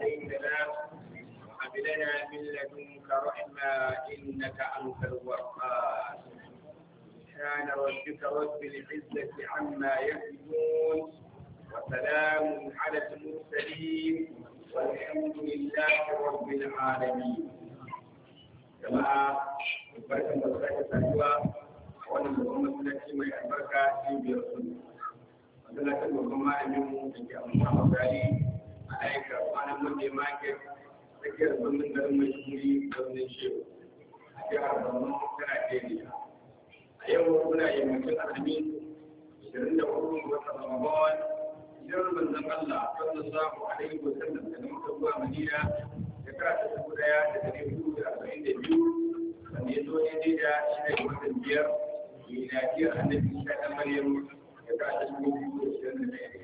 هديتنا وهب لنا من لدنك رحمة إنك أنت الوهاب سبحان ربك رب العزة عما يصفون وسلام على المرسلين والحمد لله رب العالمين جماعة بركة بركة سهوة وأنا مؤمن لك ما يبركة في بيرسل وأنا لك المؤمن منه في أمام aika kwanan monday market tsakiyar birnin garin mai shiri birnin shehu a jihar borno ta najeriya a yau muna yammacin alhamis ishirin da hudu watan ramadan hijirar manzon allah a alaihi wa sallam daga makka zuwa madina shekara ta dubu daya da dari hudu da arba'in da biyu wanda ya zo daidai da shida ga watan biyar miladiyar annabi isa ɗan maryam shekara ta dubu biyu da ashirin da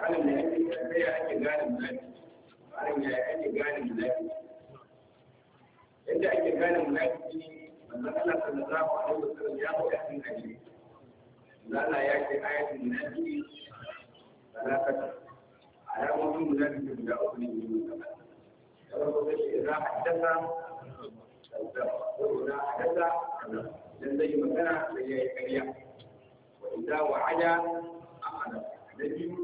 malam ya ake sai ya ake gane munafiki malam ya ake gane munafiki yadda ake gane munafiki manzon Allah sallallahu alaihi wasallam ya faɗa cikin hadisi Allah ya ce ayatul munafiki salakata alamomin munafiki guda uku ne ne kamar da farko sai idan haddasa saboda haddasa dan zai magana sai ya yi ƙarya wa idza wa'ada ahada da biyu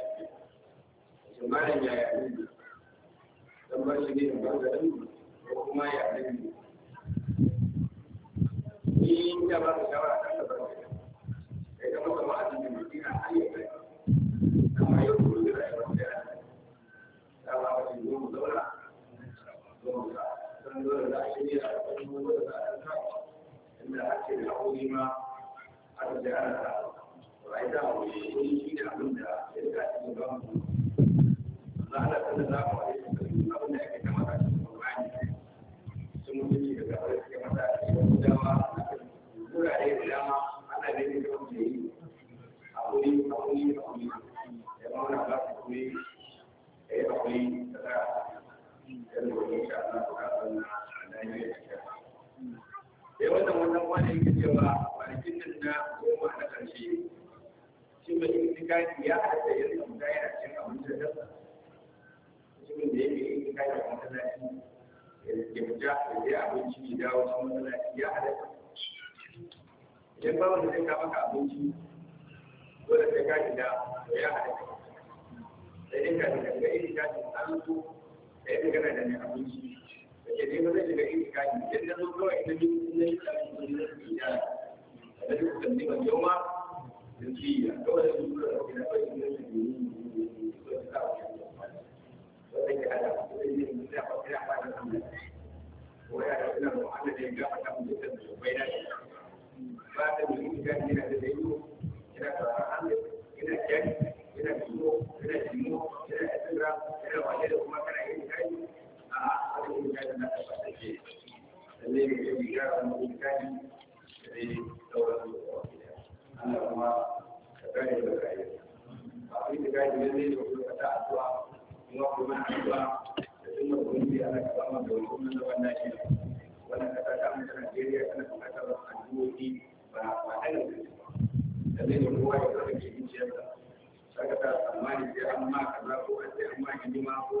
malam yaya ne shi ne da kuma ya ne daidai da yau ya samu ikani da dai sauran Allah kuma ka kare da da da da da da da da ke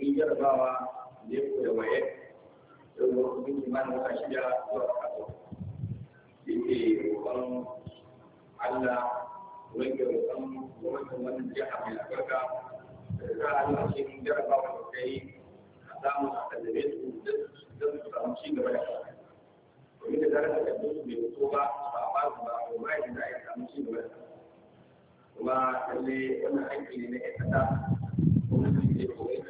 in jarabawa ne ko da waye da wasu bin kimanin shida zuwa kaso yake roƙon Allah wanke roƙon gwamnatin wannan jiha mai albarka da ta Allah shi jarabawa da kai a samu a tallabe su da su samu ci gaba da kai domin da zarar da kaddun su bai fito ba ba ba su ba ko ba yadda ya samu ci gaba da kai kuma lalle wannan aiki ne na ƴan gwamnati ne ko ƴan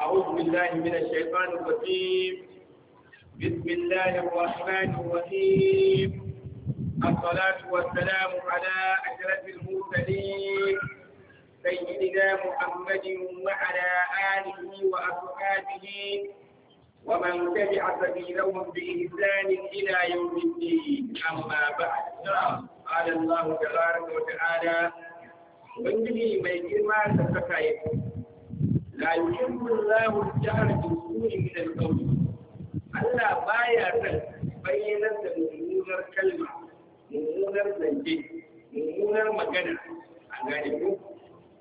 أعوذ بالله من الشيطان الرجيم بسم الله الرحمن الرحيم الصلاة والسلام على أشرف المرسلين سيدنا محمد وعلى آله وأصحابه ومن تبع سبيلهم بإحسان إلى يوم الدين أما بعد قال الله تبارك وتعالى ubangiji mai girma da la yuhibbu Allahu al-jahra bi su'i min al-qawl Allah baya son bayyanar da mummunar kalma mummunar zance mummunar magana a gare ku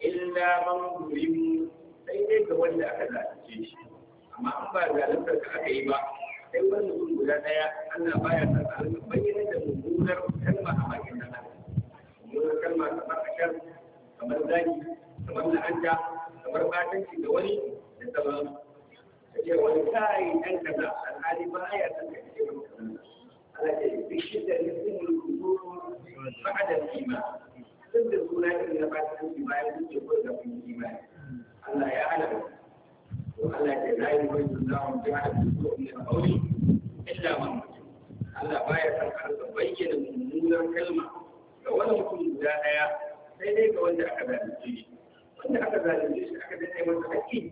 illa man zurimu sai dai ga wanda aka zalunce shi amma an ba zalunta ka aka yi ba sai wani sun guda daya Allah baya son zalunta bayyanar da mummunar kalma a bakin nan mummunar kalma kamar ashar kamar zaki kamar la'anta kamar batanci da wani da sauran ka ce wani kai dan kaza alhali ba ya san ka ce kamar kaza Allah ya yi shi da yusimul kufur da al-iman duk da suna irin na batanci bayan duk da kuma da kun imani Allah ya halaka to Allah ya la yuhibbu Allahu bi'ala al-kufur min al-qawli illa man Allah baya san ka bayyana mummunar kalma ga wani mutum guda daya sai dai ga wanda aka zalunce shi wanda aka zalunce shi aka danne masa haƙƙi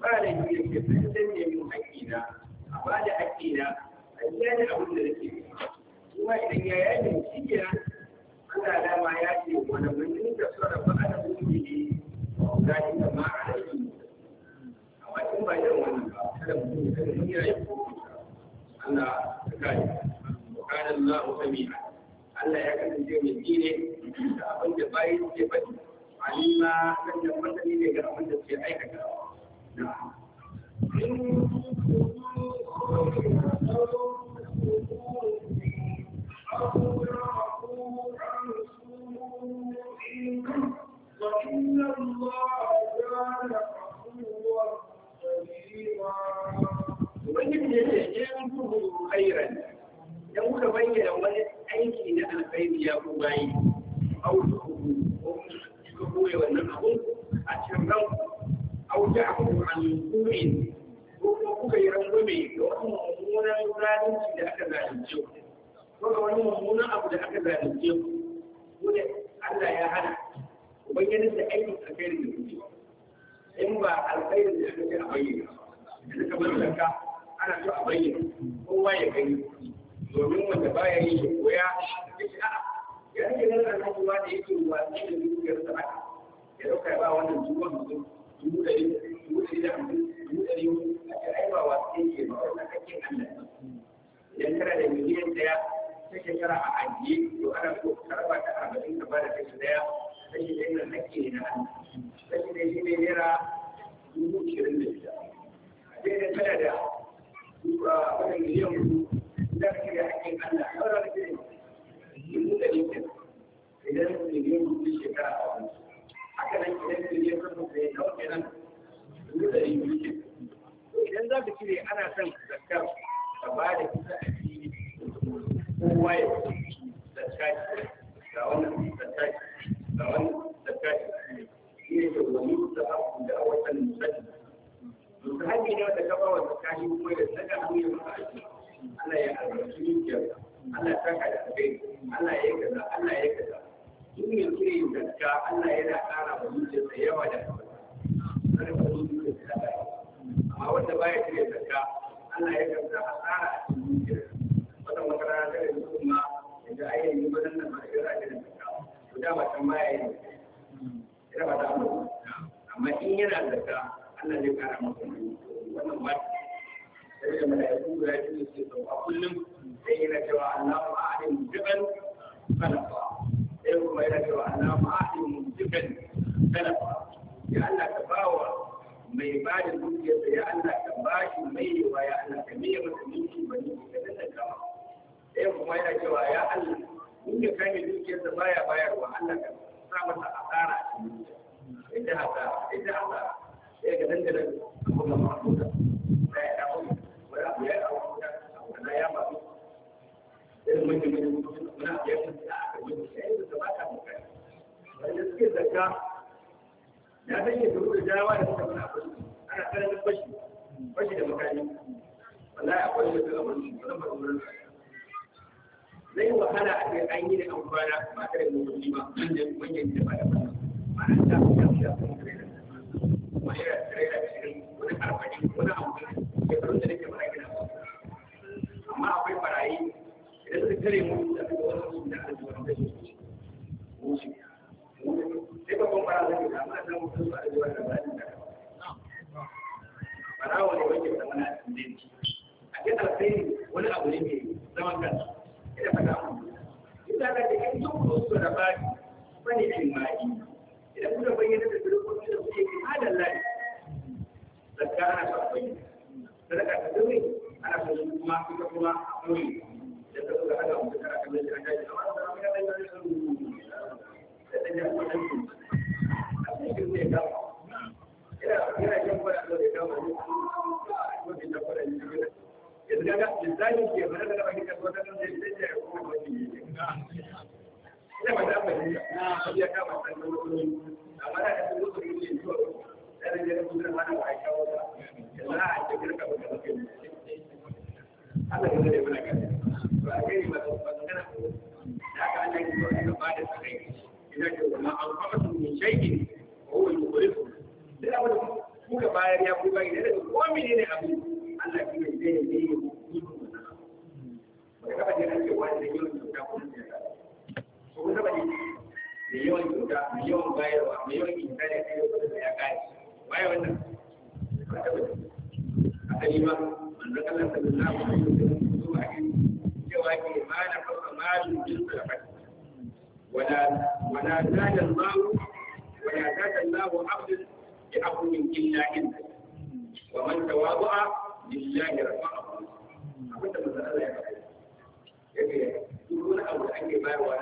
ba da yi yake sun danne min haƙƙina. a ba da haƙƙi a yi yaji abin da nake kuma idan ya yaji shi ke nan Allah dama ya ce wani mutum da sarrafa ana mutum ne za ki zama a rai amma in ba yin wani. ba kada mutum ya zama ya yi Allah ya kare wa kana Allah sami'a Allah ya kasance mai ne Allah kan da mutane ne ga abin da suke aikata.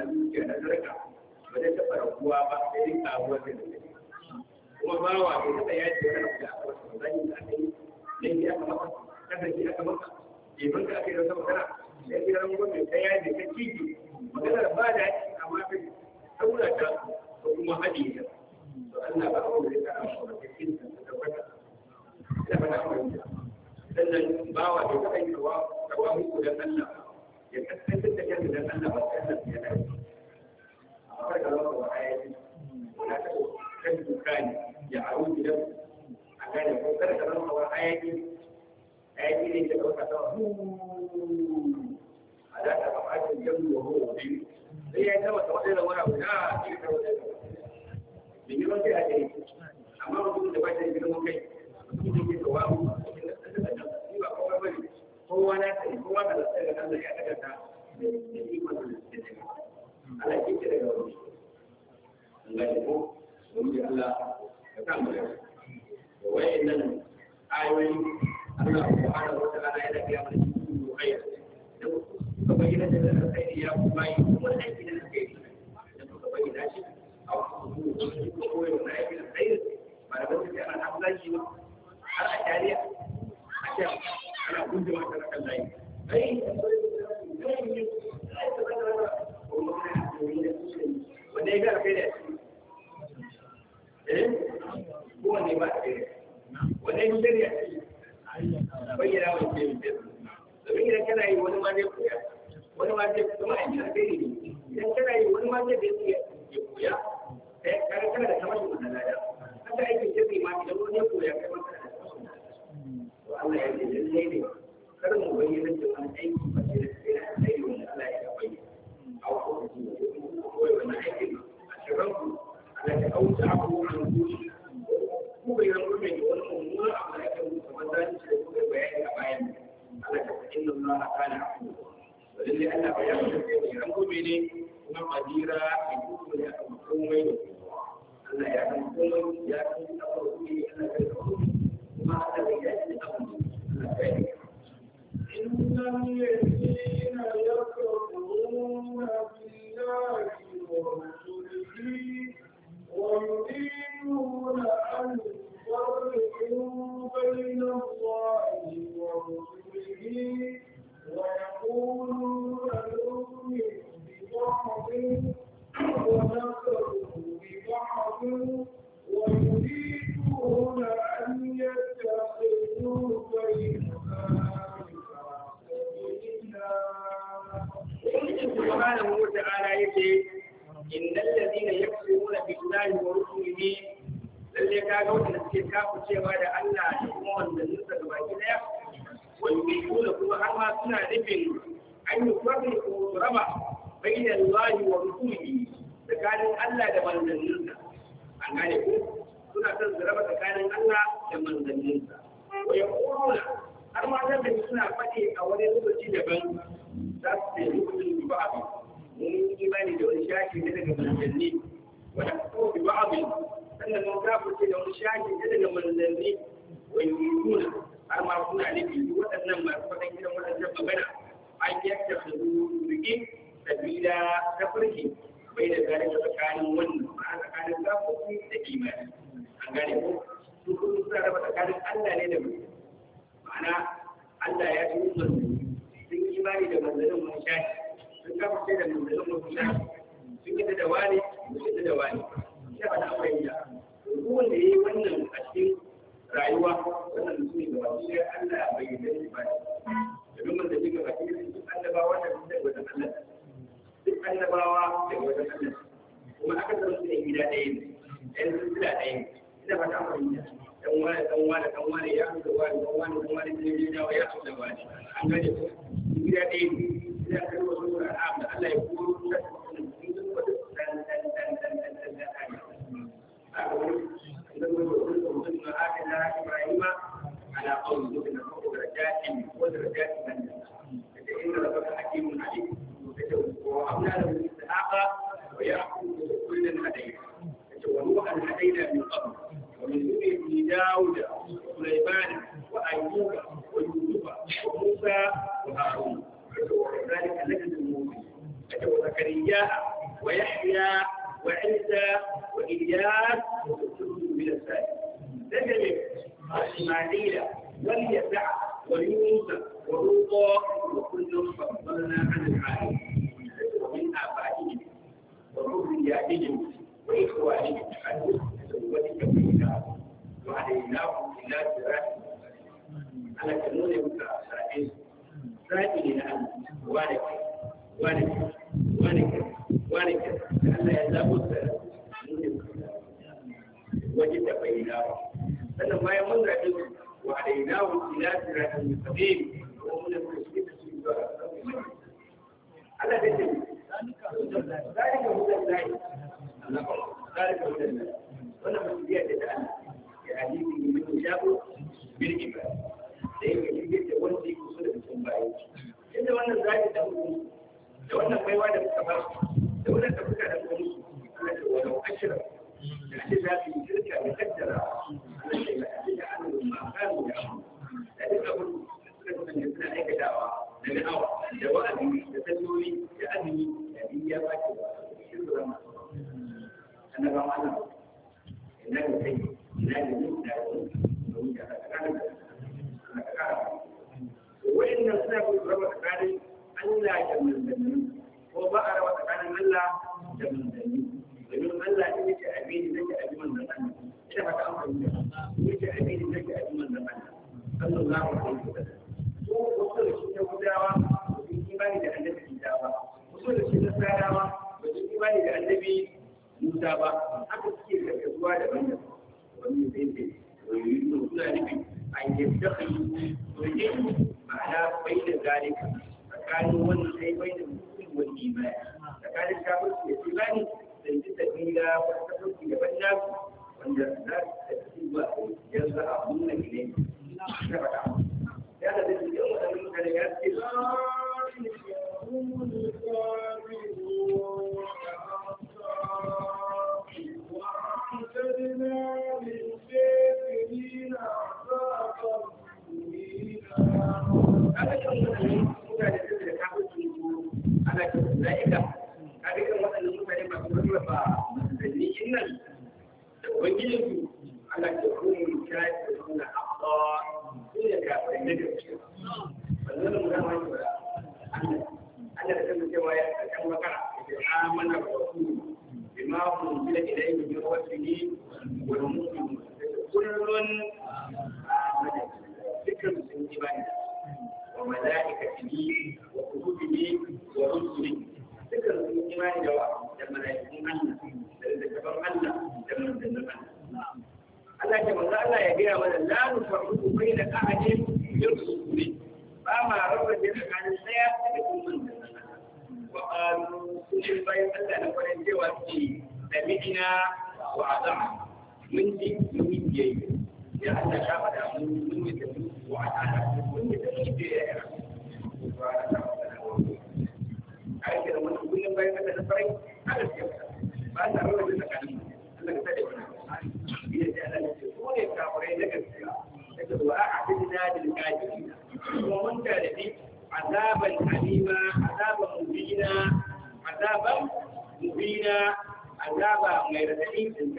a zuciya na zarka ba zai taɓa raguwa ba sai dai karuwa da zai kuma ba wa wani da aka masa ba zai da aka yi laifi aka maka kasance aka maka ɗeban ka aka yi rasa magana da ran gwamnati ta yaji ta kiki maganar ba da ta saura ta ko kuma haɗe ta to Allah ba ku da ta amsa ba ta kin ta tabbata da ba ta sannan da yi muku da Allah ya da ba ya amma kada ya da a ta ta ba ta wa sai ya ta da wani ta kai a mutum da ba ta yi girman mutum da da ta kowa na kai kowa da sai ga nan ya daga ta da ikon da ke da Allah ke ce daga wani Allah ya ko mun bi Allah ya ta mu da wai nan ayoyi Allah subhanahu wa ta'ala ya daga mana cikin da suka bayyana da alkhairi ya kuma yi wannan aiki da alkhairi da suka bayyana shi a aiki da alkhairi ba da bayyana ana ba har a a ana gujewa ta rakan layi ai da eh wani ma zai koya wani ma zai kuma aiki alkhairi ne shafi daga manzanni wa yakfuru bi ba'd sannan mun kafirce da wani shafi daga manzanni wa yu'minuna har ma kuna nufi waɗannan masu faɗin irin waɗannan magana an yakta su rike ta bai da gane da tsakanin wannan tsakanin da imani an gane ko su kuma suna raba tsakanin Allah ne da mutum ma'ana Allah ya yi manzanni sun imani da manzannin mun shafi sun da manzannin mun shafi sun yadda da wani sun da wani shi ba na fahimta kowanne ya yi wannan a cikin rayuwa wannan mutum ne gaba shi Allah bai yi zai ba shi domin mun da shi gaba shi ne duk da duk Allah duk annabawa daga wajen Allah kuma aka san su ne gida ɗaya ne ɗan sila ɗaya ne ina fata fahimta dan wani dan wani dan wani ya da wani dan wani dan wani ne ya ya da wani an gane gida ɗaya ne ina karɓar sura Allah ya koro قومه انه وكلتم ضمن اتنا ابراهيم على قومه انه درجات ودرجات من ان ربك حكيم عليم وهبنا له اسحاق ويعقوب كلا هدينا ونوحا هدينا من قبل ومن ذريته داود وسليمان وايوب ويوسف وموسى وهارون وكذلك نجد المؤمنين وزكريا ويحيى وإياس وإلياس من الثالث دجل إسماعيل واليسع ويوسف ولوطا وكل فصلنا عن العالم halin kafirci da imani da yi tafi da wata kafirci daban nasu wanda later that evening,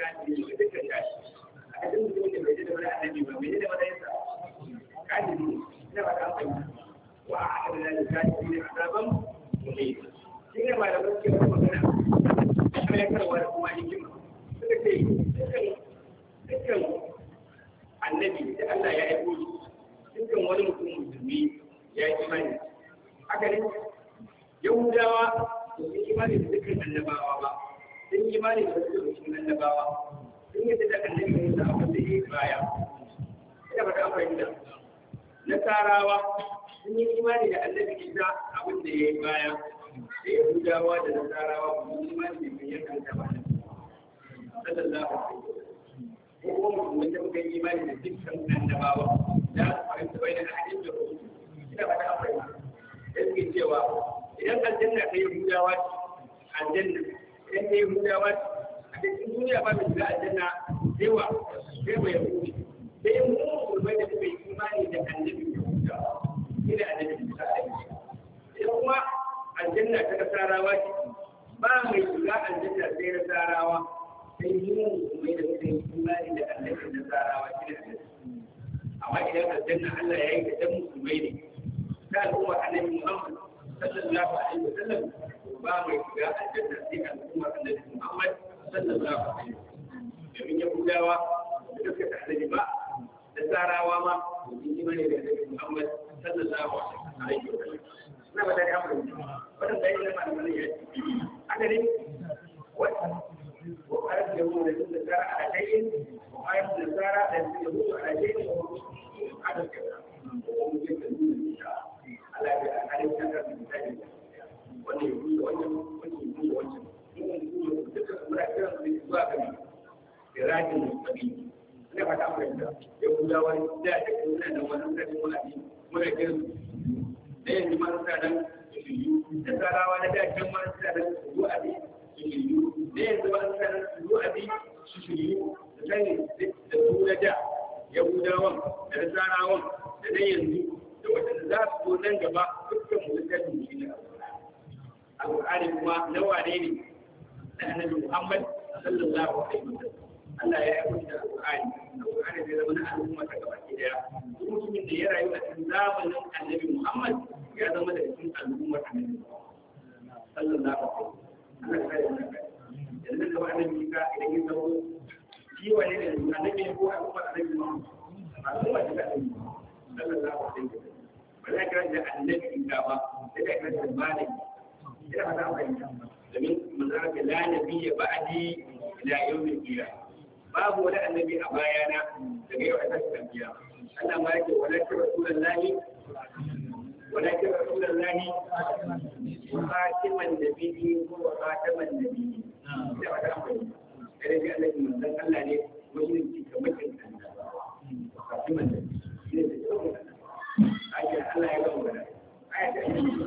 Pada saya dengan mana-mana ya. Ada ni.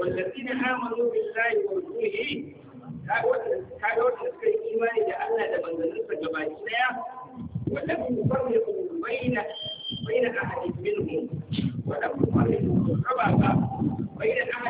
والذين آمنوا بالله ورسوله kaga wata suka yi imani da Allah da manzanninsa gabaki daya ولم يفرقوا بين بين أحد منهم ولم يفرقوا سببا بين أحد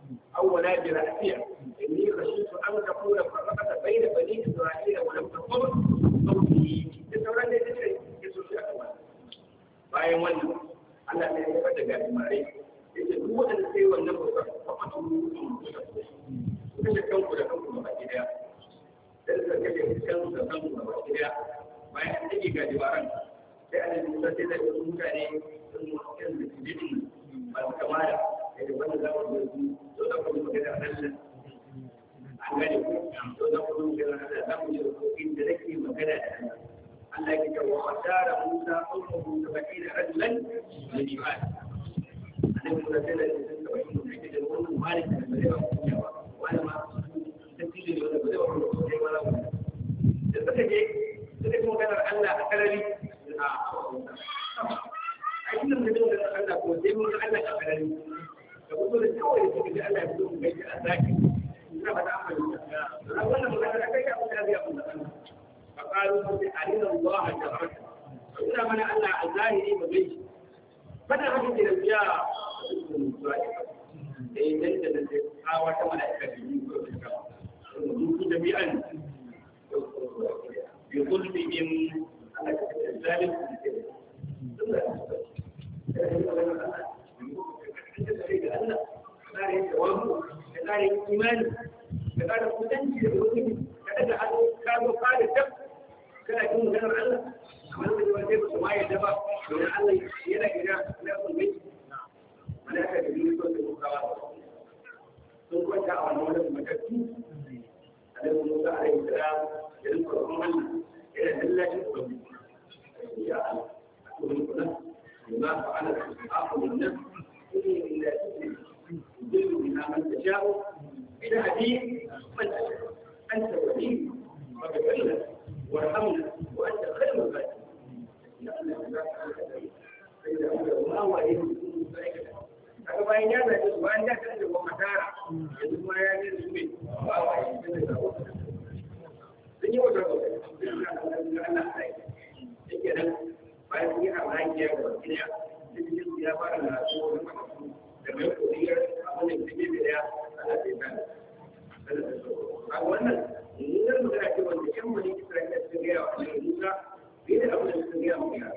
أولا برأسها إني خشيت أن تكون فرقة بين بني إسرائيل ولم تكن صوتي تسوى أن تدري يسوع شاكوا bayan wannan Allah ne ya fada ga imare yace duk wanda sai wannan kusa kuma to mun kusa kace kanku da kanku ba gida da suka kace kanku da kanku ba gida bayan an take ga dibaran sai an yi mutunta da mutane sun mutunta da jidin ba kamar daga wanda a nan yi da nake magana da nan Allah ya ce da da da ba ba da ƴan mulki Isra'ila sun gaya wa Annabi da abin da suka gaya wa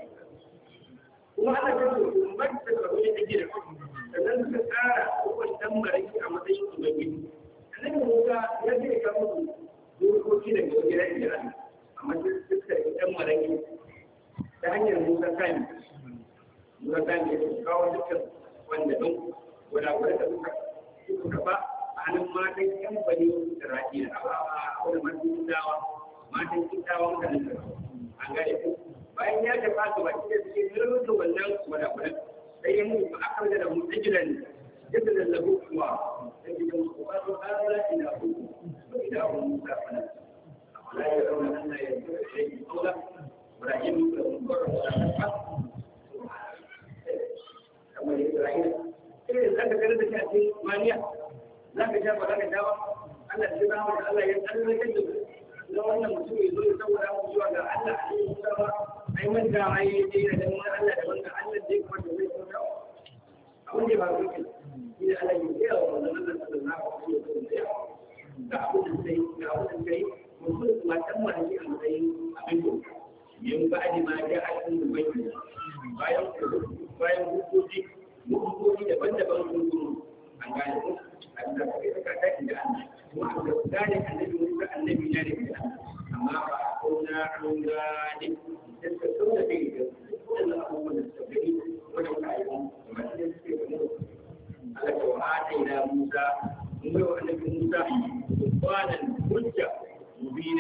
Kuma ana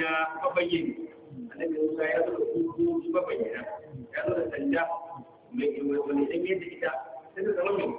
na mabayyani annabi Musa ya zo da hujjoji mabayyana ya zo da sanda mai wani dan yadda ita sai ta zama mai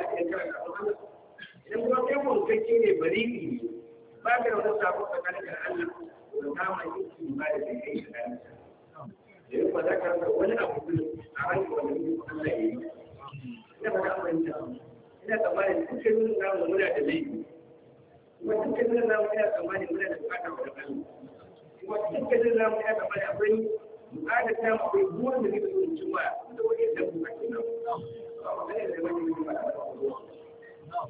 cikakke ne bariki ne ba ka da wani sabon tsakanin da Allah da naman yake ba da zai kai shi da ya ba za ka rasa wani abu a hannun wani yake Allah ya yi ina ba da ina tsammanin dukkan nuna namu muna da laifi kuma dukkan nuna namu ina tsammanin muna da bukatar wa da Allah kuma dukkan nuna namu ina tsammanin akwai bukatar ta akwai buwan da zai zo cimma da wani da bukatun nan ba magana da wani da ba da ba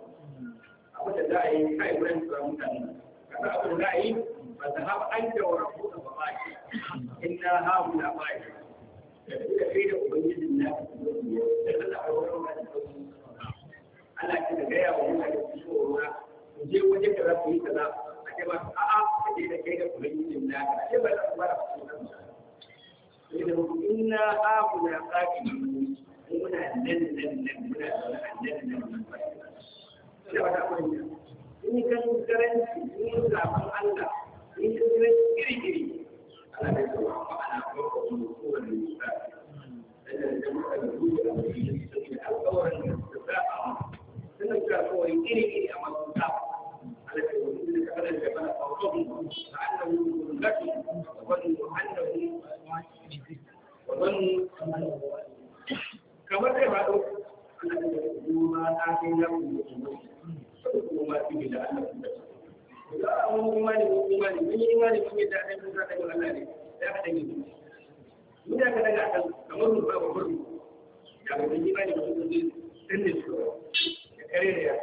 abin da za a yi kai wurin tura mutane kaga abin da za a yi ba ta haɓa an da wa rahoto ba ba shi in na haɓu na ba ke da da kai da ubangijin na da da zaɓa wani wani Allah ke da gaya wa mutane su so ruwa ku je waje ka za ku yi kaza a ce ba a'a ka je da kai da ubangijin na ka ce ba za ku ba da ku kan sa. In na haɓu na ba ke muna nan nan nan muna nan nan nan nan cewa da manya in ka yi karanci in yi Allah in yi karanci iri-iri ana da kuma ma'ana ba ko kuma da da da da da suna kawai a masu ما آتيناكم من فذوقوا ما فيه لعلكم تتقون za a mun imani mun imani mun yi imani mun yi daɗin mun zaɗa ga Allah ne ya haɗa yin zuci mun da ka daga akan kamar mun ba kamar mun ya ba mun imani mun zuci sun ne su ya kare da ya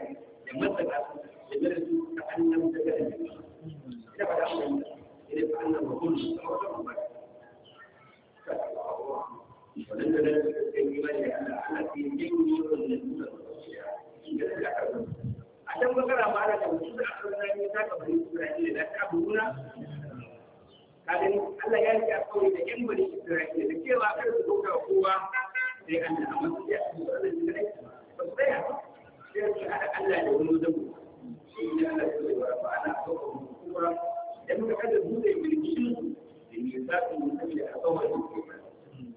ya matsa ka su ya mere su ta annan daga da ne ya ba da mun ne ya ba annan ba mun ta wata mun ba ولن نجد كلمة التي يجني النبي a can bakara ba da tabbatar da akwai rani ta ka bari Isra'ila da ta abuna kadin Allah ya ce akwai da yan bari Isra'ila da cewa kar su dauka kowa sai Allah amma su ya su da Isra'ila ba sai a hada Allah da wani zabu shi ne Allah ya ce wa fa ana akwai kuma dan ka kada bude mulki da ne za su mutum da akwai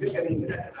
dukkanin guda da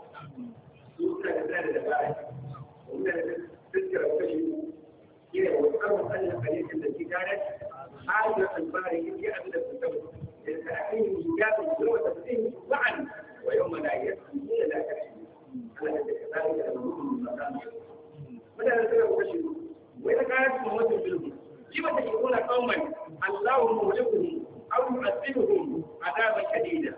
suna da zai da baya wanda da tsirkira kashi ne wasan Allah halittar da ke gane halin albari yake abin da su tabbata da ta akai hijabin zuwa tafsirin wa'an wa yawma la yasmi la kashi Allah da ka zai da mutum makan mutane suna kashi wai ta kare su mutum bilbi kima ta ke kula kauman Allahu muhlikuhum aw yu'adhibuhum adaban shadida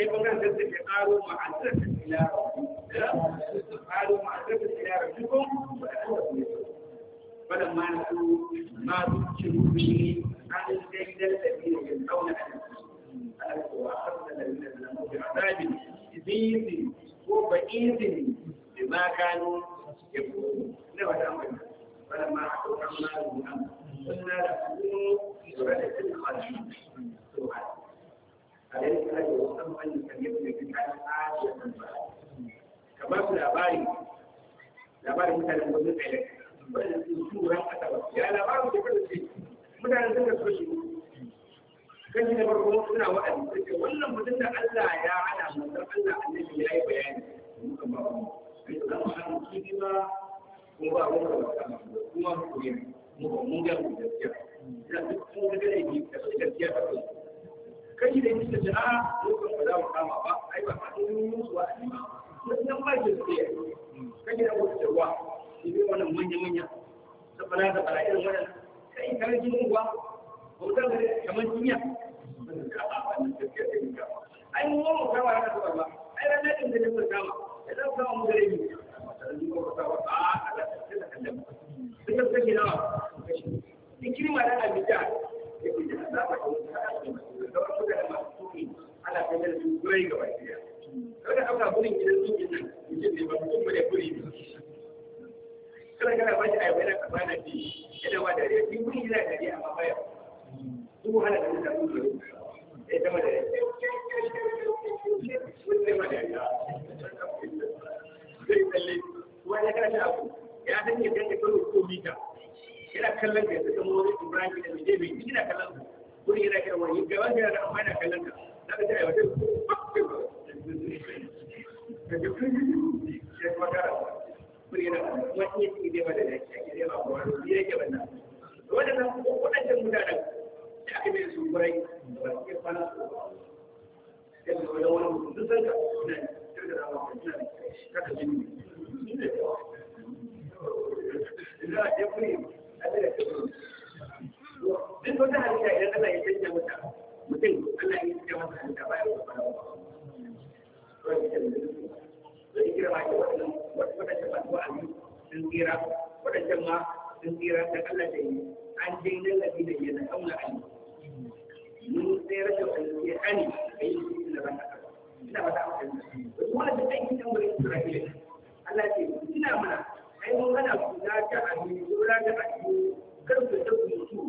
sai bangaren da suke karo ma'azar da tilara karo ma'azar da tilara cikin wadan ma su ma su ci rufi an daidar da biyu da zauna a cikin wa'azar da biyu da zauna a cikin izini ko ba izini da ma kano ya kuma na wadan ma wadan ma a kan ma su na da kuma da cikin أليس أجل وسلم أن يكلمني بالحال حاجة كما labari labarin mutanen da sun tsaye wadda su su ran kasa ba ya labarin da kuma ce sun na farko suna wa'azi sai ce wannan mutum da Allah ya hana mutum Allah annabi ya yi bayani muka ba mu su zama an ba ko ba mu kuma mu koyi mu mun gaskiya duk da gaskiya da kai da yake ce a lokacin ba mu kama ba ai ba a cikin musu a ai ba wannan ba ke tsaye kai da wuce ruwa idan wannan manya manya da bala da bala irin wannan kai kare jin ruwa ko da kamar jinya ka ba wannan tafiya ta yin kama ai mu mu kama da kasuwa ba ai ranar da ne mu kama da za mu kama mu gare ni Ikirma da abita, ya fi da azaba da wata a da ana kai da da ne ba ne ba ya yi guri ne ne wani kana shi abu ya san kallon da kuri yana kai wani gaban yana da amana kallon ka za ka tsaye wata ya kuma kara kuri yana wani ya ci zai bada da shi ake ba kowa ya yake banna waɗannan waɗancan mutanen da aka mai su kurai ba su ke kwana su ba sai su wani wani mutum sun ka suna kirka da amma suna kaka jini ne. Ina da kuri, a da kuri. duk wata halitta idan Allah ya canja mata mutum Allah ya canja mata halitta baya wata baya wata kira ma ke waɗannan masu wa'azi sun tsira waɗancan ma sun tsira ta Allah da yi an je nan da bi da ya na kaula an mun tsira da wani ke ani a yi da ba ina ba ta amfani kuma da aikin da wurin Isra'ila Allah ce ina mana ai mun hana ku da ta abin dora a yi kar ta da ku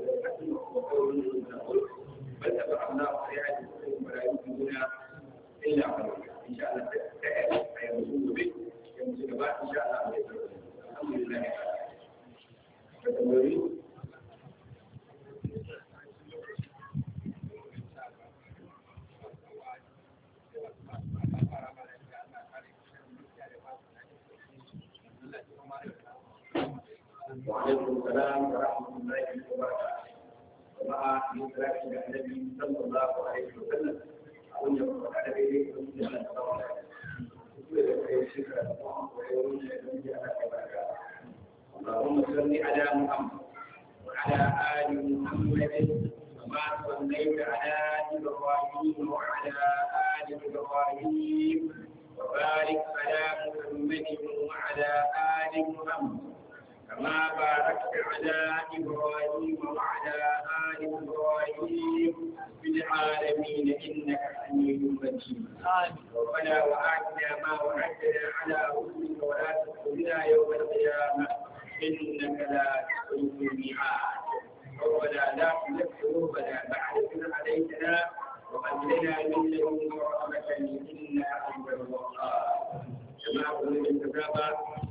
sai da aka dauka insha Allah a yanzu gobe yanzu gaba insha Allah mai tsaro اللهم صل على محمد وعلى آل محمد كما صليت على إبراهيم وعلى آل إبراهيم وبارك على محمد وعلى آل محمد كما باركت على إبراهيم وعلى آل إبراهيم في العالمين إنك حميد مجيد ربنا وآتنا ما وعدتنا على رسلك ولا تخزنا يوم القيامة إنك لا تخلف الميعاد ربنا لا تزغ قلوبنا بعد إذ هديتنا وقد لنا من لدنك رحمة إنك أنت الوهاب كما قلت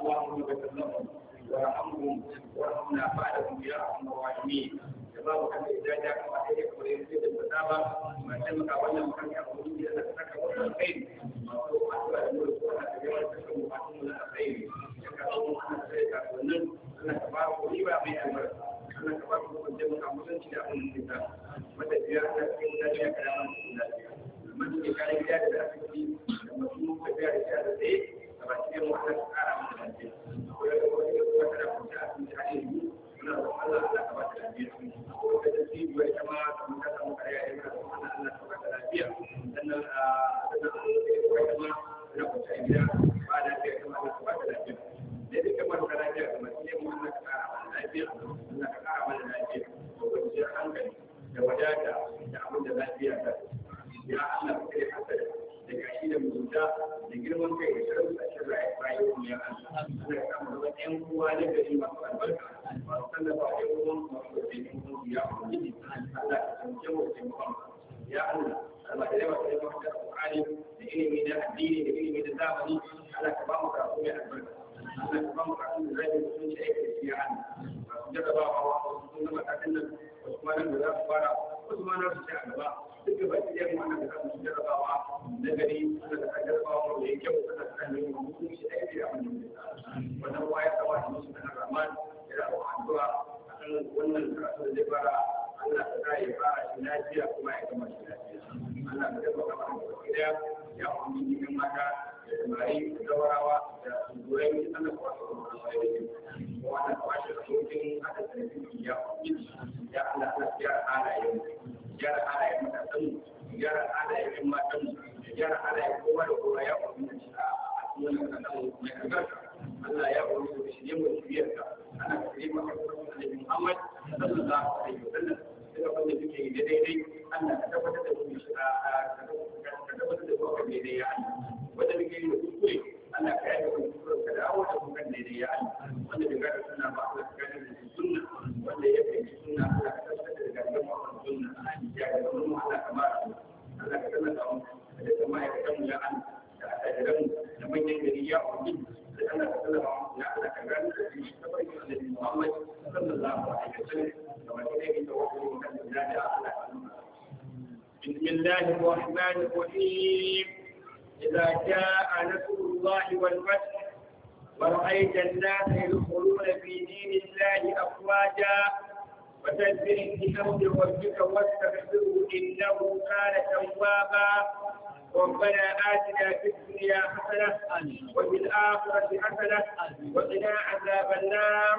اللهم بك اللهم وارحمهم وارحمنا بعدهم يا ارحم الراحمين جزاك الله اذا جاءك ما تجد ويزيد الكتابه ما سمك ولا مكان يقول لي انا سمك ولا الخير ما هو حتى الملك ولا تجاوز تكون معصوم ولا الخير يكرم انا سيدك والنبي انا تبارك لي ويعطيك الملك انا تبارك وقدمك مسلم الى ان النساء Allah ya kowa da ya kuma shi a cikin wannan mai kagarta Allah ya kuma shi ne mu biyar ربنا آتنا في الدنيا حسنة وفي الآخرة حسنة وقنا عذاب النار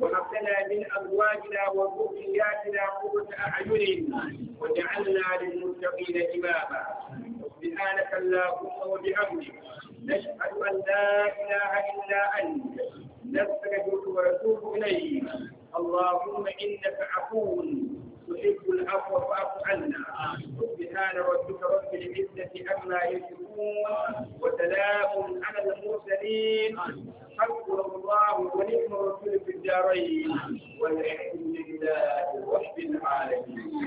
وهب لنا من أزواجنا وذرياتنا قرة أعين وجعلنا للمتقين إماما سبحانك اللهم وبحمدك نشهد أن لا إله إلا أنت نستغفرك ونتوب إليك اللهم إنك عفو تحب العفو فاعف عنا سبحان ربك رب العزة عما يشركون وسلام على المرسلين حسبنا الله ونعم الرسول في الدارين والحمد لله رب العالمين